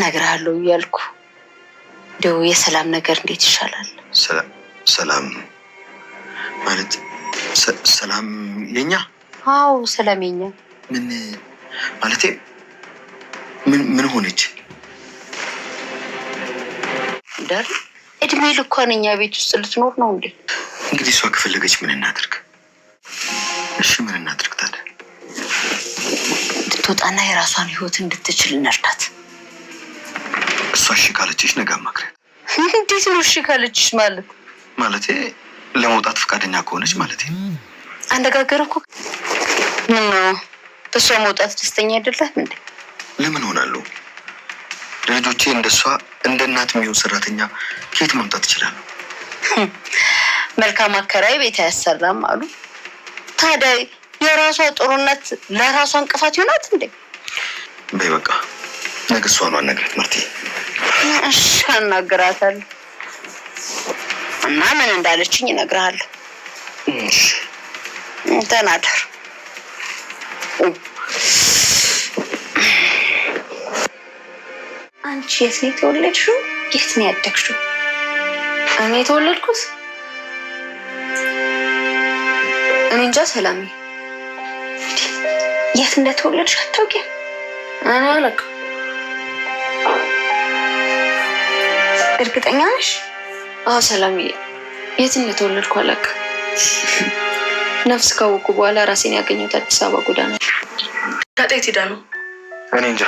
እነግርሃለሁ እያልኩ እንደው የሰላም ነገር እንዴት ይሻላል? ሰላም ማለት ሰላም የኛ? አዎ ሰላም የኛ። ምን ማለቴ ምን ሆነች? ዳር እድሜ ልኳን እኛ ቤት ውስጥ ልትኖር ነው እንዴ? እንግዲህ እሷ ከፈለገች ምን እናድርግ? እሺ ምን እናድርግ ታዲያ? እንድትወጣና የራሷን ህይወት እንድትችል እንርዳት። እሺ ካለችሽ ነገ አማክሪያት። እንዴት ነው እሺ ካለችሽ ማለት? ማለት ለመውጣት ፈቃደኛ ከሆነች ማለት ነው። አነጋገር እኮ ምን ነው እሷ መውጣት ደስተኛ አይደለም እንዴ? ለምን ሆናለሁ? ለልጆቼ እንደሷ እንደ እናት የሚሆን ሰራተኛ ከየት ማምጣት እችላለሁ? መልካም አከራይ ቤት አያሰራም አሉ። ታዲያ የራሷ ጥሩነት ለራሷ እንቅፋት ይሆናት እንዴ? በይ በቃ ነገ እሷ ነው አናግራት መርቴ እሺ አናግራታለሁ እና ምን እንዳለችኝ እነግርሃለሁ። ተናደር አንቺ የት ነው የተወለድሽው? የት ነው ያደግሽው? እኔ የተወለድኩት እኔ እንጃ ሰላሜ፣ የት እንደተወለድሽ አታውቂም? እኔ አላውቅም። እርግጠኛ ነሽ? አዎ ሰላምዬ፣ የት እንደተወለድኩ አላውቅም። ነፍስ ካወቁ በኋላ ራሴን ያገኘሁት አዲስ አበባ ጎዳና። ዳጣ የት ሄዳ ነው? እኔ እንጃ።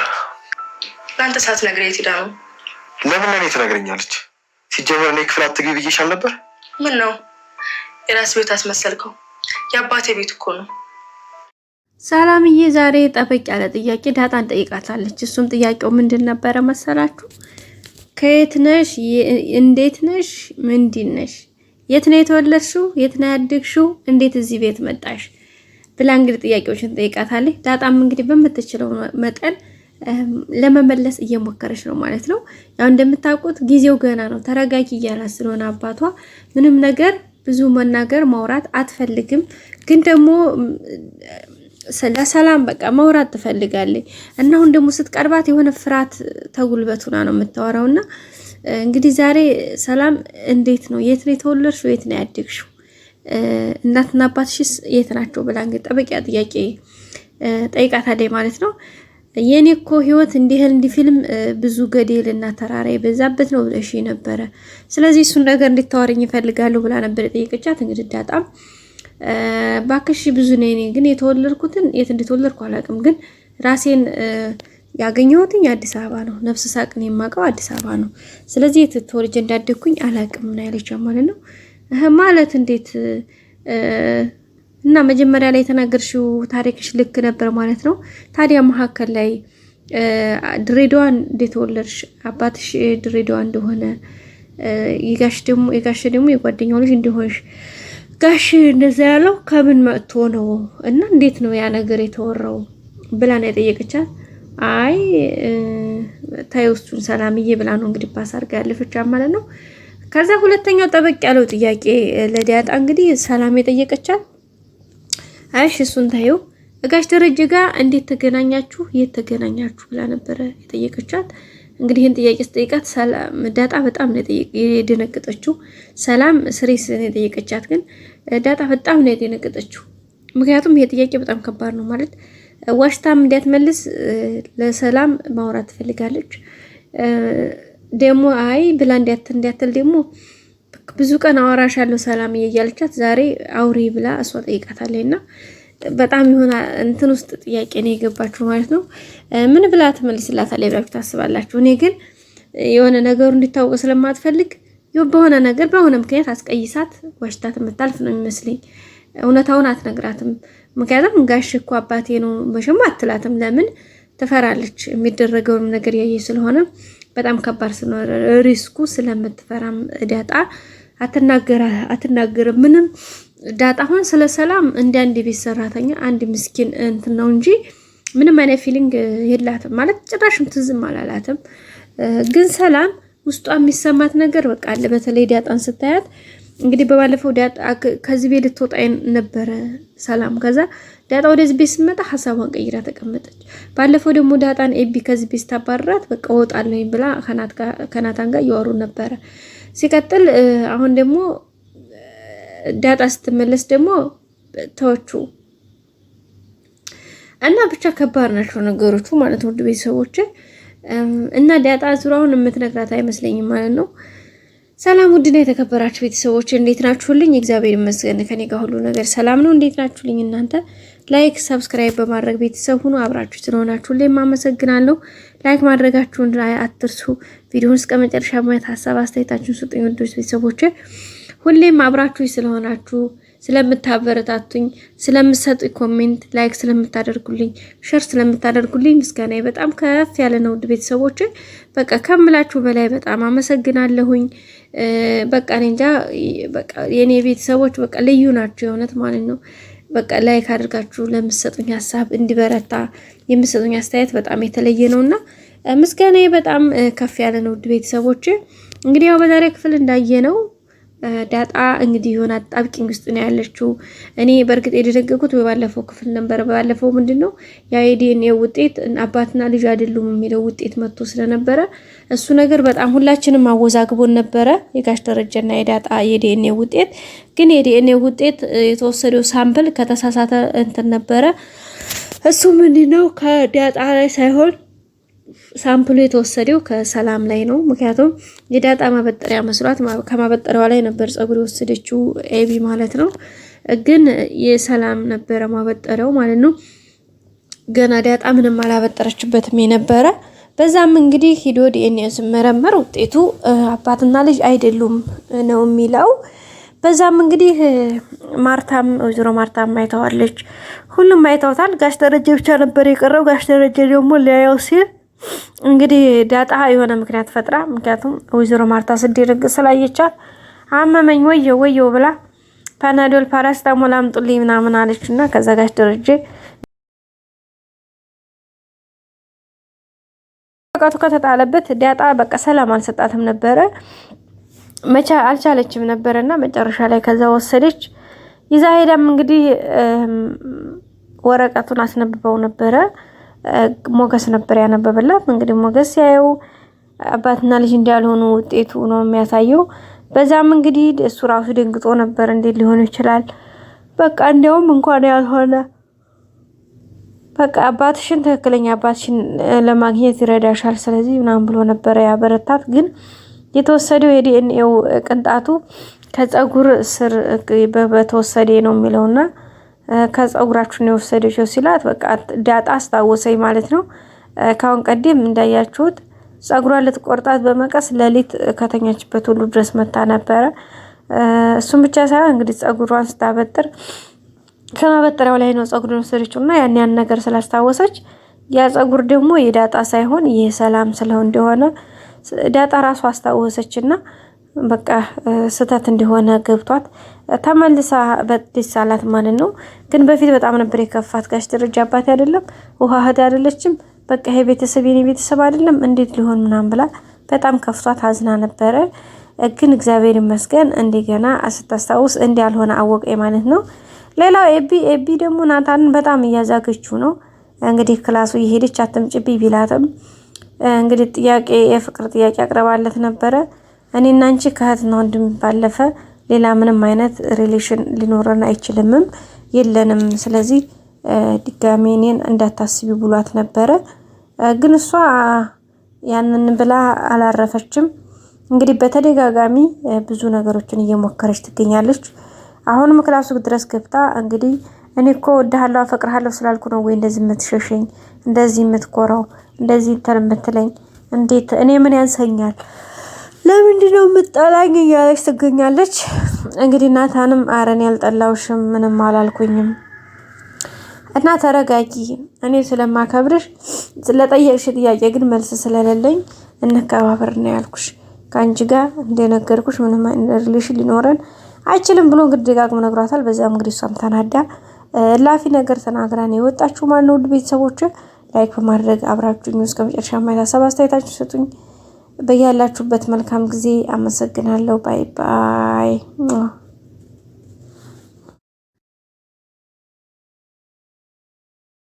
ለአንተ ሳትነግረኝ የት ሄዳ ነው? ለምን ለእኔ ትነግረኛለች? ሲጀመር እኔ ክፍል አትግቢ ብዬሽ አልነበር? ምን ነው የራስ ቤት አስመሰልከው? የአባቴ ቤት እኮ ነው። ሰላምዬ ዛሬ ጠበቅ ያለ ጥያቄ ዳጣን ጠይቃታለች። እሱም ጥያቄው ምንድን ነበረ መሰላችሁ? ከየት ነሽ? እንዴት ነሽ? ምንድን ነሽ? የት ነው የተወለድሽው? የት ነው ያደግሽው? እንዴት እዚህ ቤት መጣሽ? ብላ እንግዲህ ጥያቄዎችን ጠይቃታለች። ዳጣም እንግዲህ በምትችለው መጠን ለመመለስ እየሞከረች ነው ማለት ነው። ያው እንደምታውቁት ጊዜው ገና ነው። ተረጋጊ እያላት ስለሆነ አባቷ ምንም ነገር ብዙ መናገር ማውራት አትፈልግም ግን ደግሞ ለሰላም በቃ መውራት ትፈልጋለች እና አሁን ደግሞ ስትቀርባት የሆነ ፍርሃት ተጉልበቱና ነው የምታወራው። እና እንግዲህ ዛሬ ሰላም እንዴት ነው? የት ነው የተወለድሽው? የት ነው ያደግሽው? እናትና አባትሽስ የት ናቸው? ብላ እንግዲህ ጠበቂያ ጥያቄ ጠይቃታለች ማለት ነው። የእኔ እኮ ህይወት እንዲህል እንዲህ ፊልም ብዙ ገደልና ተራራ የበዛበት ነው ብለሽ ነበረ። ስለዚህ እሱን ነገር እንድታወርኝ ይፈልጋለሁ ብላ ነበር የጠየቀቻት። እንግዲህ ዳጣም ባክሽ ብዙ ነኝ። ግን የተወለድኩትን የት እንደተወለድኩ አላውቅም። ግን ራሴን ያገኘሁትኝ አዲስ አበባ ነው። ነፍስ ሳቅን የማውቀው አዲስ አበባ ነው። ስለዚህ የት ተወልጄ እንዳደግኩኝ አላውቅም ነው ያለችው ማለት ነው። ማለት እንዴት እና መጀመሪያ ላይ የተናገርሽው ታሪክሽ ልክ ነበር ማለት ነው። ታዲያ መካከል ላይ ድሬዳዋ እንደተወለድሽ አባትሽ ድሬዳዋ እንደሆነ የጋሽ ደግሞ የጋሽ ደግሞ የጓደኛው ልጅ እንደሆንሽ ጋሽ እንደዛ ያለው ከምን መጥቶ ነው እና እንዴት ነው ያ ነገር የተወራው ብላ ነው የጠየቀቻት። አይ ታይውስቱን ሰላምዬ ብላ ነው እንግዲህ ባሳርጋ ያለፈች ማለት ነው። ከዛ ሁለተኛው ጠበቅ ያለው ጥያቄ ለዲያጣ እንግዲህ ሰላም የጠየቀቻት አይሽ እሱን ታየው ጋሽ ደረጀ ጋር እንዴት ተገናኛችሁ፣ የት ተገናኛችሁ ብላ ነበረ የጠየቀቻት። እንግዲህ ይህን ጥያቄ ስጠይቃት ሰላም ዳጣ በጣም ነው የደነገጠችው። ሰላም ስሬስ ነው የጠየቀቻት፣ ግን ዳጣ በጣም ነው የደነገጠችው። ምክንያቱም ይሄ ጥያቄ በጣም ከባድ ነው ማለት ዋሽታም እንዲያትመልስ ለሰላም ማውራት ትፈልጋለች። ደግሞ አይ ብላ እንዲያትል ደግሞ ብዙ ቀን አወራሻለሁ ሰላም እያለቻት ዛሬ አውሪ ብላ እሷ ጠይቃታለች እና በጣም የሆነ እንትን ውስጥ ጥያቄ ነው የገባችሁ ማለት ነው። ምን ብላ ትመልስላታለች ብላችሁ ታስባላችሁ? እኔ ግን የሆነ ነገሩ እንዲታወቅ ስለማትፈልግ በሆነ ነገር በሆነ ምክንያት አስቀይሳት ዋሽታት የምታልፍ ነው የሚመስለኝ። እውነታውን አትነግራትም። ምክንያቱም ጋሽ እኮ አባቴ ነው መሸማ አትላትም። ለምን ትፈራለች። የሚደረገው ነገር ያየ ስለሆነ በጣም ከባድ ስለሆነ ሪስኩ ስለምትፈራም እዳጣ አትናገርም ምንም ዳጣሁን ስለ ሰላም እንደ አንድ ቤት ሰራተኛ አንድ ምስኪን እንትን ነው እንጂ ምንም አይነት ፊሊንግ የላትም ማለት ጭራሽም ትዝም አላላትም። ግን ሰላም ውስጧ የሚሰማት ነገር በቃ አለ። በተለይ ዳጣን ስታያት እንግዲህ በባለፈው ዳጣ ከዚህ ቤት ልትወጣ ነበረ ሰላም። ከዛ ዳጣ ወደዚህ ቤት ስትመጣ ሀሳቧን ቀይራ ተቀመጠች። ባለፈው ደግሞ ዳጣን ኤቢ ከዚህ ቤት ስታባረራት በቃ ወጣለኝ ብላ ከናታን ጋር እያወሩ ነበረ። ሲቀጥል አሁን ደግሞ ዳጣ ስትመለስ ደግሞ ተወቹ እና ብቻ ከባድ ናቸው ነገሮቹ ማለት ውድ ቤተሰቦች እና ዳጣ ዙሪያውን የምትነግራት አይመስለኝም ማለት ነው። ሰላም ውድና የተከበራችሁ ቤተሰቦች እንዴት ናችሁልኝ? እግዚአብሔር ይመስገን ከኔ ጋር ሁሉ ነገር ሰላም ነው። እንዴት ናችሁልኝ እናንተ? ላይክ ሰብስክራይብ በማድረግ ቤተሰብ ሁኑ። አብራችሁ ስለሆናችሁልኝ አመሰግናለሁ። ላይክ ማድረጋችሁን አትርሱ። ቪዲዮን እስከ መጨረሻ ማየት ሀሳብ አስተያየታችሁን ስጡኝ ውድ ቤተሰቦች ሁሌም አብራችሁ ስለሆናችሁ ስለምታበረታቱኝ፣ ስለምሰጡ ኮሜንት፣ ላይክ ስለምታደርጉልኝ፣ ሸር ስለምታደርጉልኝ ምስጋና በጣም ከፍ ያለ ነው። ውድ ቤተሰቦች በቃ ከምላችሁ በላይ በጣም አመሰግናለሁኝ። በቃ እኔ እንጃ በቃ የኔ ቤተሰቦች በቃ ልዩ ናቸው የእውነት ማለት ነው። በቃ ላይክ አድርጋችሁ ለምትሰጡኝ ሀሳብ እንዲበረታ የምሰጡኝ አስተያየት በጣም የተለየ ነውና ምስጋና በጣም ከፍ ያለ ነው። ውድ ቤተሰቦች እንግዲህ ያው በዛሬ ክፍል እንዳየ ነው ዳጣ እንግዲህ የሆነ አጣብቂኝ ውስጥ ነው ያለችው። እኔ በእርግጥ የደነገኩት በባለፈው ክፍል ነበር። ባለፈው ምንድን ነው ያ የዲኤንኤ ውጤት አባትና ልጅ አይደሉም የሚለው ውጤት መጥቶ ስለነበረ እሱ ነገር በጣም ሁላችንም አወዛግቦን ነበረ፣ የጋሽ ደረጀና የዳጣ የዲኤንኤ ውጤት። ግን የዲኤንኤ ውጤት የተወሰደው ሳምፕል ከተሳሳተ እንትን ነበረ። እሱ ምንድን ነው ከዳጣ ላይ ሳይሆን ሳምፕሉ የተወሰደው ከሰላም ላይ ነው። ምክንያቱም የዳጣ ማበጠሪያ መስሏት ከማበጠሪያዋ ላይ ነበር ፀጉር የወሰደችው ኤቢ ማለት ነው። ግን የሰላም ነበረ ማበጠሪያው ማለት ነው። ገና ዳጣ ምንም አላበጠረችበትም የነበረ በዛም እንግዲህ ሂዶ ዲኤንኤ ስመረመር ውጤቱ አባትና ልጅ አይደሉም ነው የሚለው። በዛም እንግዲህ ማርታም ወይዘሮ ማርታም አይተዋለች። ሁሉም አይተውታል። ጋሽ ደረጀ ብቻ ነበር የቀረው። ጋሽ ደረጀ ደግሞ ሊያየው ሲል እንግዲህ ዳጣ የሆነ ምክንያት ፈጥራ ምክንያቱም ወይዘሮ ማርታ ስድርግ ስላየቻት አመመኝ ወየው ወየው ብላ ፓናዶል ፓራስታሞል አምጡልኝ ምናምን አለች እና ከዛ ጋሽ ደረጀ ቃቱ ከተጣለበት ዳጣ በቃ ሰላም አልሰጣትም ነበረ። መቻ አልቻለችም ነበረ እና መጨረሻ ላይ ከዛ ወሰደች ይዛ ሄዳም እንግዲህ ወረቀቱን አስነብበው ነበረ። ሞገስ ነበር ያነበበላት። እንግዲህ ሞገስ ያየው አባትና ልጅ እንዳልሆኑ ውጤቱ ነው የሚያሳየው። በዛም እንግዲህ እሱ ራሱ ደንግጦ ነበር። እንዴት ሊሆን ይችላል? በቃ እንዲያውም እንኳን ያልሆነ በቃ አባትሽን ትክክለኛ አባትሽን ለማግኘት ይረዳሻል፣ ስለዚህ ምናምን ብሎ ነበረ ያበረታት። ግን የተወሰደው የዲኤንኤው ቅንጣቱ ከፀጉር ስር በተወሰደ ነው የሚለውና ከፀጉራችሁን የወሰደችው ሲላት በቃ ዳጣ አስታወሰኝ ማለት ነው። ካሁን ቀደም እንዳያችሁት ፀጉሯን ልትቆርጣት በመቀስ ሌሊት ከተኛችበት ሁሉ ድረስ መታ ነበረ። እሱም ብቻ ሳይሆን እንግዲህ ፀጉሯን ስታበጥር ከማበጠሪያው ላይ ነው ፀጉሩን የወሰደችው እና ያን ያን ነገር ስላስታወሰች ያ ፀጉር ደግሞ የዳጣ ሳይሆን ሰላም ስለሆነ እንደሆነ ዳጣ ራሱ አስታወሰች እና በቃ ስህተት እንደሆነ ገብቷት ተመልሳ በዲስ አላት ማለት ነው። ግን በፊት በጣም ነበር የከፋት። ጋሽ ደረጃ አባት አይደለም ውሃ እህት አይደለችም። በቃ ይሄ ቤተሰብ የኔ ቤተሰብ አይደለም እንዴት ሊሆን ምናምን ብላ በጣም ከፍቷት አዝና ነበረ። ግን እግዚአብሔር ይመስገን እንደገና ስታስታውስ እንዲያልሆነ አወቀ ማለት ነው። ሌላው ኤቢ ኤቢ ደግሞ ናታንን በጣም እያዛገችው ነው። እንግዲህ ክላሱ እየሄደች አትምጭብኝ ቢላትም እንግዲህ ጥያቄ የፍቅር ጥያቄ አቅርባለት ነበረ እኔና አንቺ ከእህትና ወንድም ባለፈ ሌላ ምንም አይነት ሪሌሽን ሊኖረን አይችልምም የለንም። ስለዚህ ድጋሚ እኔን እንዳታስቢ ብሏት ነበረ። ግን እሷ ያንን ብላ አላረፈችም። እንግዲህ በተደጋጋሚ ብዙ ነገሮችን እየሞከረች ትገኛለች። አሁንም ክላሱ ድረስ ገብታ እንግዲህ እኔ እኮ እወድሃለሁ አፈቅርሃለሁ ስላልኩ ነው ወይ እንደዚህ የምትሸሸኝ፣ እንደዚህ የምትኮረው እንደዚህ እንትን የምትለኝ እንዴት እኔ ምን ያንሰኛል ለምንድነው የምጠላኝ እያለች ትገኛለች። እንግዲህ ናታንም አረን ያልጠላውሽም ምንም አላልኩኝም እና ተረጋጊ፣ እኔ ስለማከብርሽ ስለጠየቅሽ ጥያቄ ግን መልስ ስለሌለኝ እንከባበር ነው ያልኩሽ። ከአንቺ ጋር እንደነገርኩሽ ምንም ሪሌሽን ሊኖረን አይችልም ብሎ እንግዲህ ደጋግሞ ነግሯታል። በዚያም እንግዲህ እሷም ተናዳ ላፊ ነገር ተናግራ የወጣችሁ። ማን ነው ውድ ቤተሰቦች፣ ላይክ በማድረግ አብራችሁኝ እስከ መጨረሻ ማየት ሀሳብ አስተያየታችሁ ስጡኝ። በያላችሁበት መልካም ጊዜ። አመሰግናለሁ። ባይ ባይ።